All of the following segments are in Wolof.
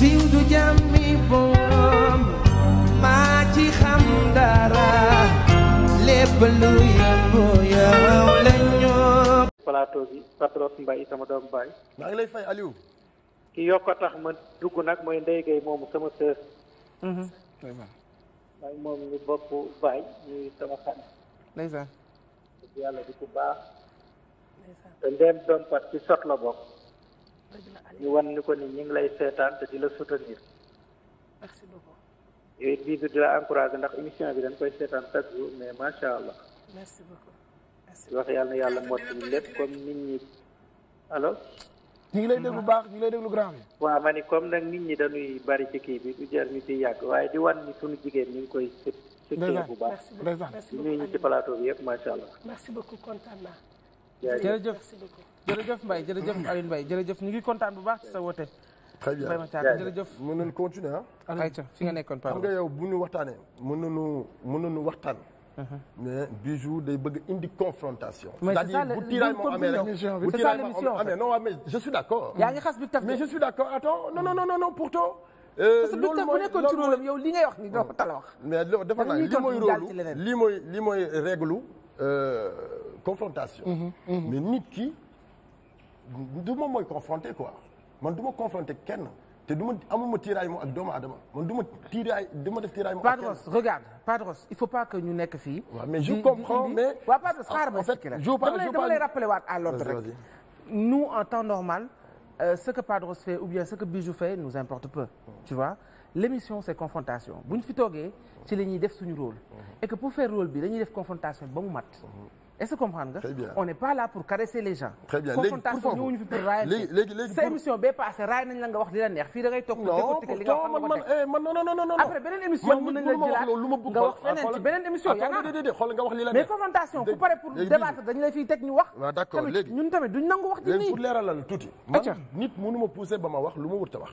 Siwdu jammi boom maa ci xam dara lépp lu yëngu yow la ñoo sama doom baay maa ngi lay fay Aliou ki yokko tax ma sama sœur ak moom ñu bokk baay di ku baax te ndeem doon pat ci sot la bokk ñu wan ni ko ni ñi ngi lay seetaan te di la soutenir merci beaucoup yooyu bii bi di la encourager ndax émission bi dañ koy seetaan chaque jour mais macha allah merci beaucoup wax yàlla na yàlla mottali lépp comme nit ñi allo ñu ngi lay déglu baax ñu ngi lay déglu grand bi waaw ma comme nag nit ñi dañuy bari ci kii bi du jar ñu ci yàgg waaye di wan ni sunu jigéen ñu ngi koy sëpp bu baax di ñu ci plateau bi yëpp macha allah merci beaucoup naa jërëjëf merci beaucoup jërëjëf Mbaye jërëjëf mm. Alioune Mbaye jërëjëf ñu ngi kontaan bu baax ci sa woote. très bien Mbaye Mathiaaka jërëjëf. mën nañu continuer ah. Hein? ayca fi nga nekkoon pardon. xam nga yow bu ñu waxtaanee mën nañu mën nañu waxtaan. Uh-huh. mais Bijou day bëgg indi confrontation. c'est-à-dire bu tiraay moom amee rek bu tiraay moom amee non mais je suis d'accord. yaa ngi xas bi taf mais je suis d'accord attends non non non non pourtant. Euh, parce que bu nekkoon ci rôle yow li ngay wax ni doo ko tala wax. mais loo defe naa lii mooy rôle lii mooy lii mooy réglu euh, confrontation. Mm-hmm, mm-hmm. mais nit ki. Je ne confronter quoi man duma confronter kenn te duma amuma tiiraay mo ak doomu adama man duma ma duma def tiiraay Padros regarde Padros il faut pas que ñu n'ayons que filles. mais je comprends mais. Je pas xaaral pas expliqué la pas je dama les rappeler waat à l'ordre nous en temps normal euh, ce que Padros fait ou bien ce que Bijou fait nous importe peu. tu vois l'émission c'est confrontation bu ñu fi toogee ci la def suñu rôle. Mhm. et que pour faire rôle bi dañuy def confrontation ba mu mat. Mhm. est-ce que comprendre nga. on n'est pas là pour caresser les gens. très bien léegi confrontation ñëwuñu fi pour raay. léegi léegi léegi sa émission bee paase raay nañ la nga wax li la neex fi da ngay tok toog. non li nga xam eh, man non non non. après benen émission mën nañ la jëlaat nga wax fenen ci benen émission. yaa ngi xool nga wax li mais confrontation ku pare pour débattre dañ lay fiy tek ñu wax. waaw d'accord légui ñun tamit duñ nangu wax ci ni léegi pour leeralal tuuti. man nit mënu ma pousser ba ma wax luma ma wut wax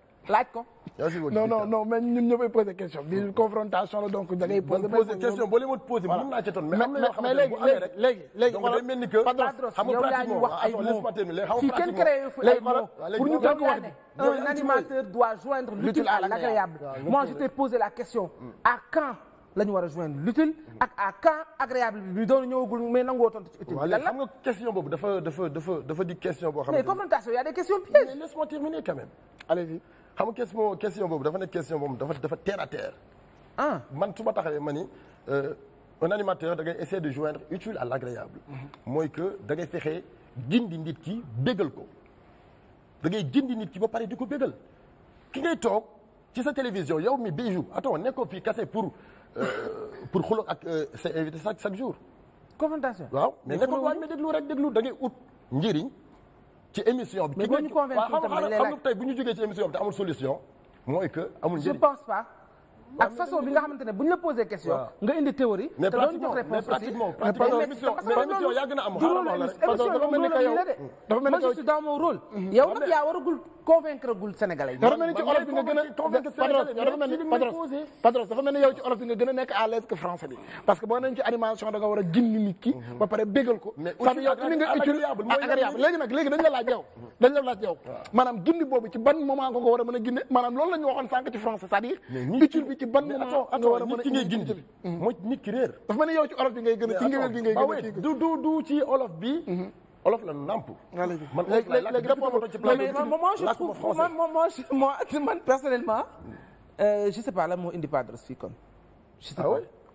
laaj ko. non non non mais ñun ñëppay posé question bi confrontation la donc da ngay posé question boo leen mën posé mën naa ci ton mais am na yoo ne bu amee rek Mais léegi donc day mel ni que xam nga pratiquement wax ay si kenn créé fu ay pour nous tënk wax bi un animateur doit joindre l'utile à l'agréable ah, moi je t'ai posé la question mm. à quand la ñu war joindre l'utile et à quand agréable bi doon ñëwagul mais nangoo tontu ci utile. lan la xam nga question boobu dafa dafa dafa dafa di question boo xam mais confrontation y a des questions pièges mais laisse-moi terminer quand même allez-y xam nga question question boobu dafa nekk question boobu dafa dafa terre à terre. ah man su ma taxawee ma euh, un animateur da ngay essayer de joindre utile à l'agréable. Mm-hmm. Moi, que da ngay fexe gindi nit ki bégal ko da ngay gindi nit ki ba pare di ko bégal ki ngay toog ci sa télévision yow mi bijou attends nekkoo fii kase pour euh, pour xuloo ak euh, ses invités chaque jour. confrontation waaw mais nekkoo waa mais déglu rek déglu da ngay ut njëriñ ci émission bi. mais boo ñu convaincre tamit léeg xam nga tey bu ñu jógee ci émission bi te amul solution. mooy que amul je pense pas. ak façon bi nga xamante ne bu ñu la posé question. nga indi théorie. te doon jox réponse aussi mais pratiquement mais émission yàgg na am. xaaral ma la rek parce que dafa mel ni que yow dafa mel ni que yow. dans mon rôle. yow nag yaa waragul. convaincre gul sénégalais yi. dafa dafa mel ni ci olof bi nga gën nekk à l'aise que français bi parce que boo nañ ci animation da nga war a jinni nit ki mhm. ba pare bégal ko sabi yow ci ni nga agréable agréable léegi nag léegi dañ la laaj yow mhm. la laaj yow maanaam gindi boobu ci ban moment nga ko war a mën a ginde maanaam loolu la ci français cest à bi ci ban moment nga a mën a ngay gindi mhm. mooy nit ki dafa mel ni ci olof bi ngay gën a ci ngéwél bi olof la nàmp. man ah, léegi léegi léegi man personnellement hmm. euh, je sais pas la moo indi padros fii kon. je sais ah pas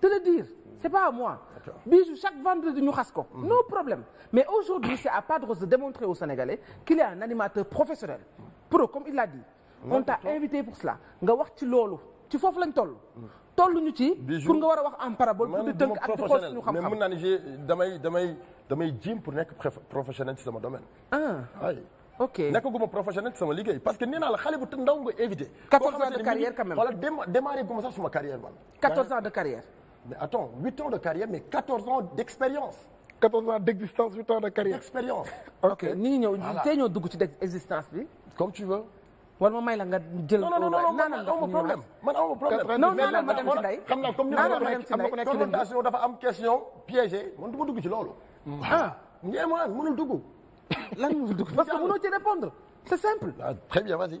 te le dire. C'est pas à moi. Bijou, chaque vendredi, nous rasco. Mm -hmm. Nos problèmes. Mais aujourd'hui, c'est à Padros de démontrer aux Sénégalais qu'il est un animateur professionnel. Pro, comme il l'a dit. On t'a invité pour cela. Nga wax ci lolu. Ci fofu lañ tollu. Mhm. Tollu ñu ci pour nga wara wax en parabole pour de teunk ak xol suñu xam-xam. Mais mën na ni damay damay damay jim pour nek professionnel ci sama domaine. Ah. Ay. ok guma professionnel ci sama liguey parce que nee naa la xale bu ndaw nga invité. 14 ans de carrière quand même. wala démarré guma sax suma carrière man. 14 ans de carrière attends, 8 ans de carrière, mais 14 ans d'expérience. 14 ans d'existence, 8 ans de carrière. D'expérience. ok Nous existence comme tu veux. Non, non, non, non, non non non non non non, non, problème non, non, problème. non non non non. Non non non non non. Non non non non non. Non non non non non. Non non non non non. Non non non non non. Non non non non parce que non non non c'est simple. Ah, très bien vas-y.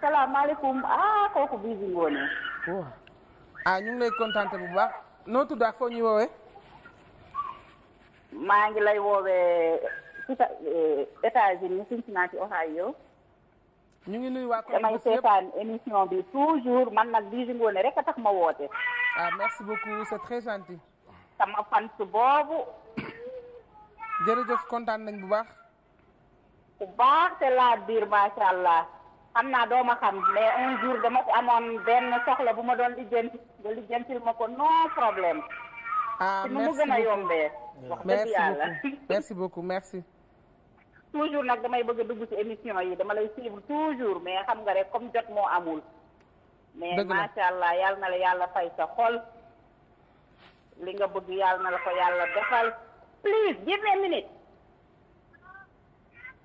salaamaaleykum ah kooku bii bi ngoone ah ñu ngi lay kontaante bu baax noo tudd ak foo ñuy woowee. maa ngi lay woowee ci sa eh, États-Unis Cincinnati Ohio. ñu ngi nuy waa Columbus damay seetaan émission bi toujours man nag bii ngoone rek a tax ma woote. ah merci beaucoup c'est très gentil. sama fan su boobu. jërëjëf kontaan nañ bu baax. bu baax te laa biir macha allah. xam naa doo ma xam mais un jour dama fi amoon benn soxla bu ma doon lijjanti nga ma ko non problème. ah merci beaucoup mu gën a yombee. merci beaucoup merci. toujours nag damay bëgg a si ci émission yi dama lay suivre toujours mais xam nga rek comme jot moo amul. mais macha allah yàlla na la yàlla fay sa xol. li nga bëgg yàlla na la ko yàlla defal. please give me a minute.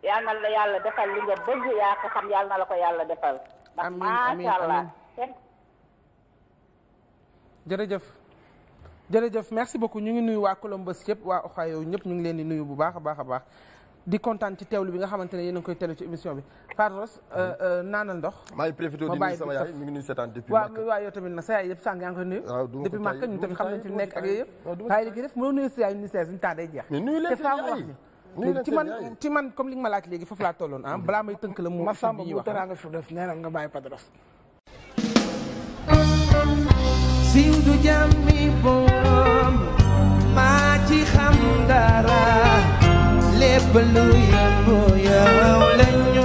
yàlla na la yàlla defal li nga bëgg yaa ko xam yàlla na la ko yàlla defal. amiin amiin ndax macha allah. jërëjëf jërëjëf merci ñu ngi nuyu di nuyu bu baax baax a baax di kontaan ci bi nga xamante ne yéen koy teewlu ci émission bi Padros euh, euh, naanal ndox. maa ngi profité di nuyu ngi nuyu seetaan depuis Màkk waaw waaw yow tamit sa yaay yëpp sànq ngi koy nuyu. depuis Màkk ñun xam nañ fi mu nekk ak yooyu yëpp. waaye li ki def mënoo nuyu sa yaay nuyu si yaay suñu jeex. te faaw wax ci man ci man comme li nga ma laaj léegi foofu laa tolloon ah balaa may tënk la mu. ma boom maa ci xam dara lépp lu yëngu